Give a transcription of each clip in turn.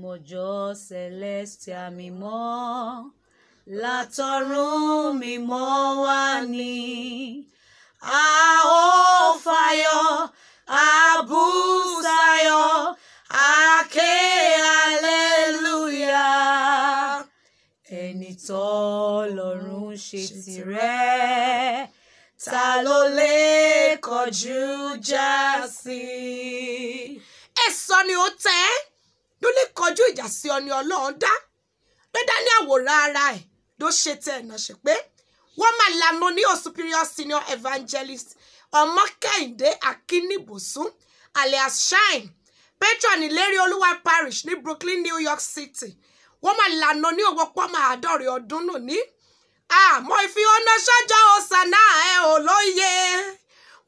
àlùmọ̀jọ́ celestial mímọ́ látọ̀run mímọ́ wá ní a ó fàyọ̀ a bú sáyọ̀ a ké aleluya ẹni tọ́lọ́run ṣe tirẹ̀ ta ló lè kọjú já ẹ sọ ni ó tẹ́ lólè kọjú ìjà sí ọni ọlọ́run dá pé dání àwòrán ara ẹ̀ ló ṣe tẹ ẹ̀nà ṣe pé wọ́n máa lanà ní o superior senior evangelist ọmọ kẹ́hìndé akínníbùsùn alias shine patron ìlérí olúwa parish ní brooklyn new york city wọ́n máa lanà ní owó pọ́mọ àádọ́rin ọdún nù ní àmọ́ ìfihànnà sọ́jọ́ ọ̀sánà ẹ̀ ò lóye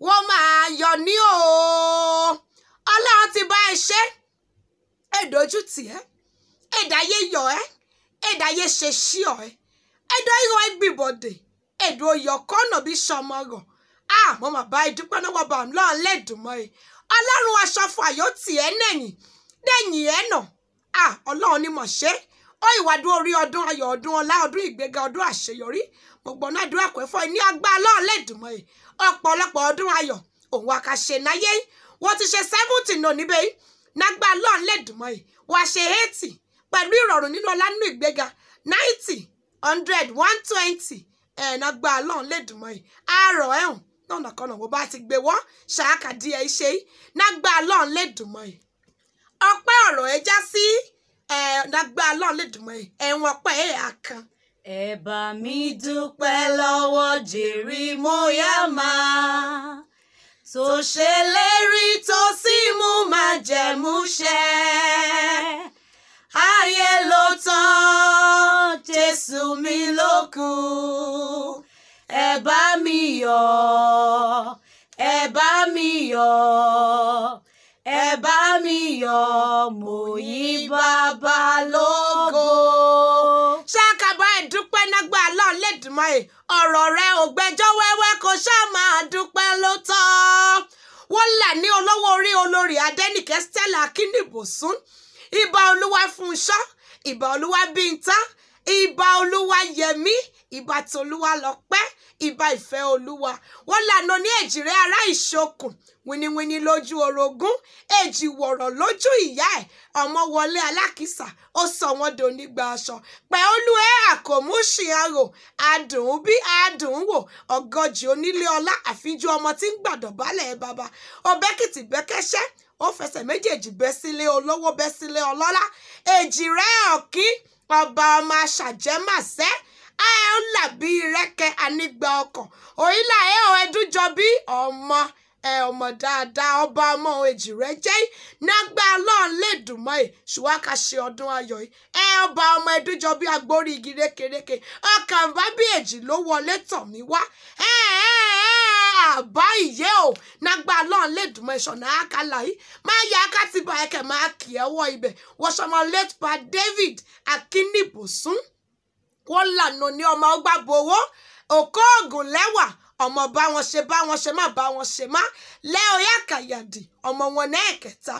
wọ́n máa yọ ní o ọlọ́run ti bá ẹ ṣe èdòjú tì ẹ́ èdàyé yọ ẹ́ èdàyé ṣe ṣí ọ ẹ́ ẹ̀dọ̀ ìrọ̀ ẹgbìbọ̀dẹ̀ èdò oyọ̀ kọ́nà bí sọmọ rọ̀ àmọ́ màbá ìdúpẹ́ náà wọ́n bá ń lọ́ọ́ lẹ́dùnmọ́ ẹ ọlọ́run aṣọ fàyọ́ tì ẹ́ nẹ̀yìn dẹ̀yìn ẹ̀ nà à ọlọ́run ni mọ̀ ṣe ó ìwádùn orí ọdún ayọ̀ ọdún ọlá ọdún ìgbéga ọdún àṣeyọrí gbogbo náà dúró àpẹ́fọ́ ní ọgbà ọlọ́run lẹ́dùnmọ́ ẹ ọ̀pọ̀lọpọ̀ ọdún ayọ̀ òun àkàṣe náyé wọ́n ti ṣe sẹ́fúntì náà níbẹ̀ yìí nágbà lọ́n lẹ́dùnmọ́ yìí wàá ṣe eighty pẹ̀lú ìrọ̀rùn nínú ọlá nínú ìgbéga ninety hundred one twenty ẹ̀ẹ́nà gba lọ́n lẹ́dùnmọ́ yìí àárọ̀ ẹ̀hún náà nàkànnà wọ́n bá ti gbé wọ́n ṣáàkà díẹ̀ ṣe yìí nágbà lọ́n lẹ́dùnmọ́ yìí ọpẹ́ ọ̀rọ̀ ẹ já sí ẹ̀ẹ́dàgbà lọ́n lẹ́dùnmọ́ yìí ẹ̀wọ̀n ọpẹ́ ẹ̀ àkàn. ẹ bá mi dúpẹ́ lọ́wọ́ jèrè mo yá máa tó ṣèlérí tó sì mú májẹ̀mú ṣẹ ayé ló tán jésù mi ló kù ẹ bá mi yọ̀ ẹ bá mi yọ̀ ẹ bá mi yọ̀ mo yí bàbá lógo. Elédùmarè ọ̀rọ̀ rẹ ò gbẹjọ́ wẹ́wẹ́ kò ṣáà máa dúpẹ́ ló tọ́ wọ́n là ní olówó orí olórí Adẹ́nìkẹ́ Stella Akínníbòsún ìbà olúwa Fúnṣọ́ ìbà olúwa Bíntá ìbà olúwa Yẹmí ìbà tòlúwa Lọ́pẹ́ ìbà ìfẹ́ olúwa wọ́n lànà ní èjìrẹ́ ará ìṣokùn winiwini lójú orogún èjì wọ̀rọ̀ lójú ìyá ẹ̀ ọmọ wọlé alákìsà ó sọ wọ́n donígba aṣọ pẹ̀ olú ẹ̀ àkómú ṣìyàrò adùn bí adùn wò ọgọ́jì onílé ọlá àfijú ọmọ tí ń gbàdọ̀ bálẹ̀ ẹ̀ bàbá ọbẹ̀kìtì bẹ́kẹ́ṣẹ́ ó fẹsẹ̀ méjèèjì bẹ́ sílé olówó bẹ́ sílé ọlọ́lá èjì rẹ̀ ọ̀kí ọba ọmọ aṣàjẹ́màṣẹ́ ẹ ń là bí rẹ́kẹ́ anígbà ọkàn òyìnlá ẹ ò ẹdún jọ bí ọmọ ẹ ọmọ dáadáa ọba ọmọ èjì rẹ jẹ́ nágbà ọlọ́run lè dùn mọ́ ẹ ṣùgbọ́n ká ṣe ọdún ayọ̀ yìí ẹ ọba ọmọ ẹdún jọ bí agbórí igi rékeréke ọkàn bá bí èjì ló wọlé tọ̀ mí wá ẹ ẹ ẹ àbá ìyé o nágbà ọlọ́run lè dùn mọ́ ìṣọ̀nà àkàlà yìí máa yà ká ti máa kì ẹ́ wọ ibẹ̀ late pa David Akínníbùsùn. Wọ́lànà ní ọmọ ọgbà gbowó òkó ògùn lẹ́wà ọmọ bá wọn ṣe bá wọn ṣe má bá wọn ṣe má lẹ́ọ̀ yá kàyàdì ọmọ wọn náà ẹ̀kẹta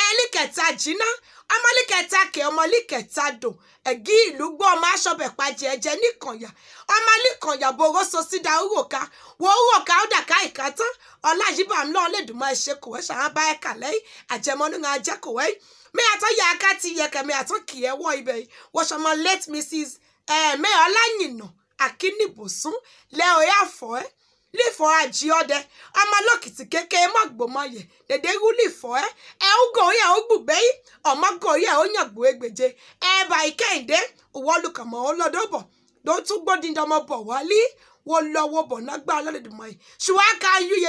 ẹ̀ẹ́lìkẹta jìnnà ọmọlíkẹta kẹ ọmọlíkẹta dò ẹgí ìlú gbọ́ ọmọ aṣọbẹ̀ pàjẹ́ ẹ̀jẹ̀ níkànyà ọmọlíkànyà boró so sídà òròka wo òròka ó dàka ìka tán ọlájìbá ńlọ lẹ́dùnmọ́ ẹ̀ṣẹ̀ kòwé ṣàwọn bá ẹ̀ka lẹ́yìn àjẹmọ́nú ajẹ́kòwé mi àtọ́ yà á ti yẹkẹ̀ mi àtọ́ kì í ẹ̀wọ́ ibẹ̀ yìí wọ́n ṣọmọ late mrs ẹ̀ẹ̀mẹ́ ọláyìnà akínníbùsùn lẹ́ọ̀ yàfọ́ ẹ́ lífọ́ ajì ọdẹ ọmọ lókìtì kékeré mọ̀gbọ́mọyẹ dèdè wú lífọ́ ẹ́ yẹ ó yìí ọlọ́dọ́bọ̀ ló tún bọ̀ wálé bọ̀ nágbà ṣùgbọ́n yẹn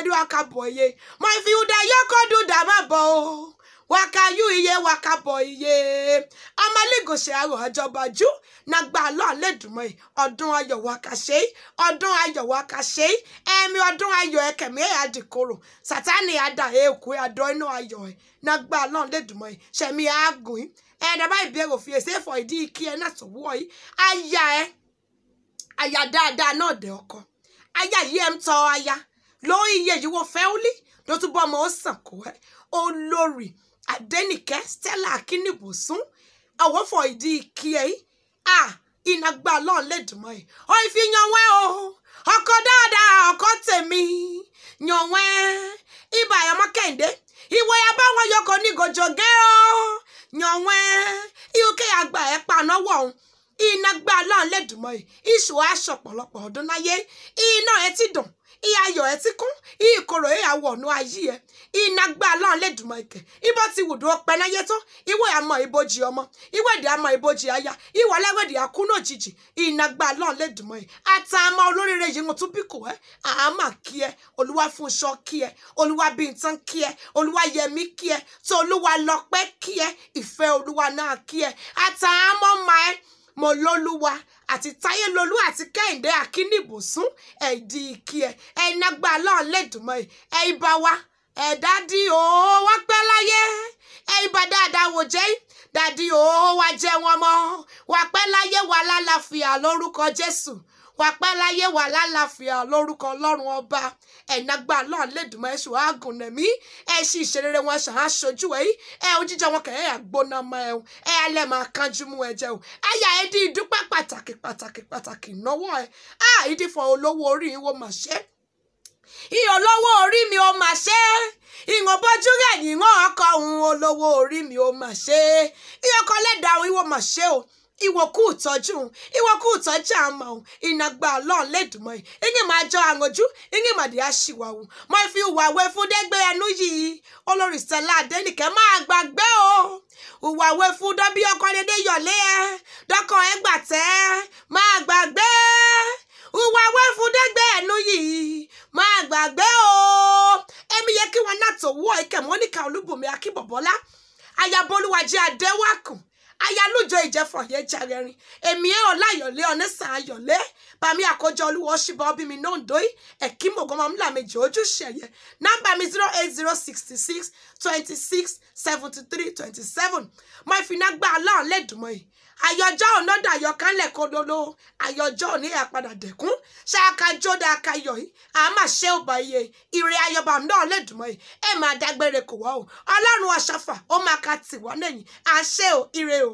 yẹ ìfihùn má bọ̀ iye wakabọ iye amaligoshe arọ ajọbaju nagba alọ alẹdùnmọye ọdún ayọ̀ wakashe ọdún ayọ̀ wakashe ẹmi ọdún ayọ̀ ẹkẹmí adìkorò sátani ada eku adọ inú ayọ̀ ẹ nagba alọ alẹdùnmọye sẹmi agùn ẹ dábàá ìbéèrè òfin èsè fọ ìdí ikí ẹ náà sọwọ yìí aya ẹ aya dáadáa náà dẹ ọkọ aya yìí ẹ ń tọ aya lórí iye yìí wọ fẹ́ọ́lì ló túbọ̀ ọmọ ó sàn kó ẹ olórí adenike stella akinibusun àwọ̀fọ̀ ìdí ìkí ẹ̀ à ìnagbá lọ́ọ̀lẹ́dùnmọ́ ẹ̀ o ọkọ dáadáa ọkọ tèmi yànwẹ́ ibà àyàmọ́ kẹ́hìndé ìwọ ya bá yoko ni gojo ge o yànwẹ́ uk agba ẹ̀ panáwọ̀ ọ̀hún iná gbá aláhùn lẹ́dùnmọ́ yìí iṣu aṣọ ọ̀pọ̀lọpọ̀ ọdún láyé iná ẹ ti dùn ìyàyọ̀ ẹ ti kún ìkorò ìyàwó ọ̀nà ayé ẹ iná gbá aláhùn lẹ́dùnmọ́ ìkẹ́ ibọ́ ti wùdú ọpẹ náyé tó ìwé àmọ́ ìbòjì ọmọ ìwéde àmọ́ ìbòjì aya ìwà lẹ́wẹ̀dì àkúnà òjijì iná gbá aláhùn lẹ́dùnmọ́ yìí àtàmọ́ olóríire yìí mo tún bí kò ẹ́ àmà kí ẹ olúwa fúnṣọ kí ẹ olúwa bíntàn kí ẹ olúwa yẹmí kí ẹ tó olúwa lọ́pẹ́ kí ẹ ìfẹ́ olúwa náà kí ẹ àtàmọ́ máa ẹ mọlọ́lúwa àti táyélolú àti kẹ́hìndé akínníbùsùn ẹ̀dì ìkí ẹ̀ ẹ̀nàgbà lọ́ọ̀lẹ́dùnmọ́ ẹ̀ ẹ̀ ibà wa ẹ̀dá di òó wá pẹ́ láyé ẹ̀ ibà dáadáa wò jẹ́ dàdí òó wá jẹ́ wọn mọ́ wá pẹ́ láyé wa lálàáfíà lórúkọ jésù wà pẹ́ láyé wà lálàáfíà lórúkọ ọlọ́run ọba ẹ̀nàgbà náà lẹ́dùnmọ́ ẹ̀ṣù àgùn nẹ̀mí ẹ̀ sì ìṣerere wọn ṣàn án ṣojú ẹ̀ yìí ẹ̀ ojíjẹ wọn kẹ̀ ẹ̀ àgbóná ọmọ ẹ̀ ẹ̀ alẹ́ máa kánjú mú ẹ̀jẹ̀ o ẹ̀yà ẹ̀ di ìdúpẹ́ pàtàkì pàtàkì pàtàkì ìnáwó ẹ̀ á ìdífọ̀ olówó orí wo màá ṣe ìyọ̀ lọ́wọ́ orí mi ó máa ṣe é ìwọ̀n bọ́jú rẹ̀ yìí ọkọ̀ òun olówó orí mi ó máa ṣe é ìyọkọ̀ lẹ́dàá òun ìwọ máa ṣe o iwọkụ ụtọju iwọkụ ụtọju amawu inagba lọn ledumọi inye ma jọ angoju inye ma di aṣiwawu ma fi ìwà wẹfúndẹgbẹ ẹnu yìí olóríṣẹlá adẹnìkẹ máa gbàgbé o ìwà wẹfúndọ bí ọkọ dédé yọlé ẹ dọkọ ẹgbàtẹ máa gbàgbé ìwà wẹfúndẹgbẹ ẹnu yìí máa gbàgbé o èmi yẹ kí wọn náà tó wọ ìkẹmọ níkà olúbùnmi akínbọbọlá ayabolúwàjẹ adẹwàkùn ayálùjọ ìjẹfọ yẹn jarẹrin èmi ẹ ọlá ayọlẹ ọnẹsàn ayọlẹ bàmí àkójọ olúwa ọṣìbà ọbìnrin náà ń dóyè ẹkí mọgọmọ ńlá méjì ojúṣe yẹn nọ́mbà mi zero eight zero sixty six twenty six seventy three twenty seven mo ìfinagbá aláàlẹ́dùnmọ́ yìí àyọjọ́ ọ̀nà dàyọ̀ kánlẹ̀ kodolo àyọjọ́ òní àpadà dẹ̀kún ṣáàkàjọ́dà akayọ̀ yìí àmà ṣé ò bá iye ìrè ayọ̀bà náà lẹ́dùnmọ́ yìí ẹ̀ máa dágbére kò wá o ọlọ́run ọ̀ṣàfà ó máa ka tì wá lẹ́yìn àṣẹ ò ire o.